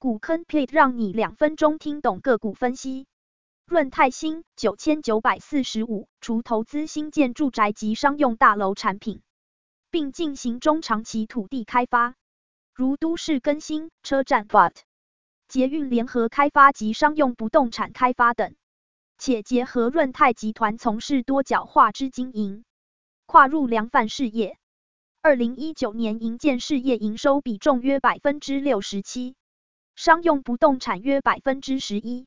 股坑 pit 讓你兩分鐘聽懂個股分析。潤泰新九千九百四十五，45，除投資新建住宅及商用大樓產品，並進行中長期土地開發，如都市更新、車站、BOT，捷運聯合開發及商用不動產開發等。且結合潤泰集團從事多角化之經營，跨入量販事業。二零一九年營建事業營收比重約百分之六十七。商用不動產約百分之十一，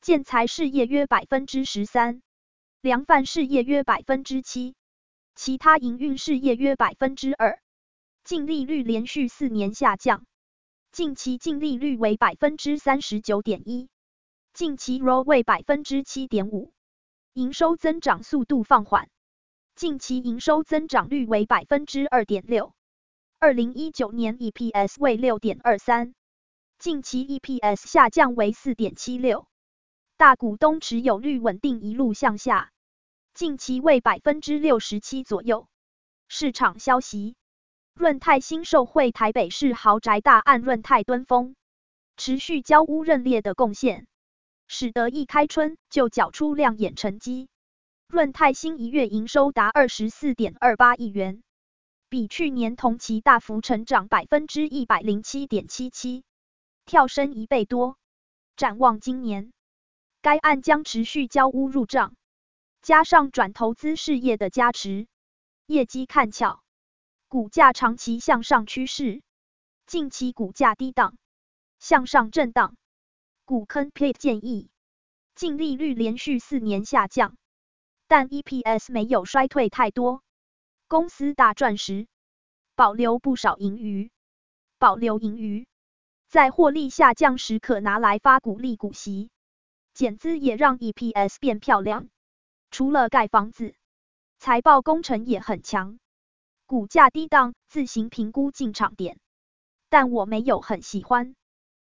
建材事業約百分之十三，量販事業約百分之七，其他營運事業約百分之二。淨利率連續四年下降，近期淨利率為百分之三十九點一，近期 ROE 為百分之七點五，營收增長速度放緩，近期營收增長率為百分之二點六，二零一九年 EPS 為六點二三。近期 EPS 下降為四點七六，大股東持有率穩定，一路向下，近期為百分之六十七左右。市場消息，潤泰新受惠台北市豪宅大案潤泰敦峰持續交屋認列的貢獻，使得一開春就繳出亮眼成績。潤泰新一月營收達二十四點二八億元，比去年同期大幅成長百分之一百零七點七七。跳升一倍多。展望今年，該案將持續交屋入賬，加上轉投資事業的加持，業績看俏，股價長期向上趨勢。近期股價低檔，向上震盪。股坑派建議，淨利率連續四年下降，但 EPS 沒有衰退太多。公司大賺時，保留不少盈餘，保留盈餘。在獲利下降時，可拿來發股利、股息、減資，也讓 EPS 變漂亮。除了蓋房子，財報工程也很強。股價低檔，自行評估進場點，但我沒有很喜歡。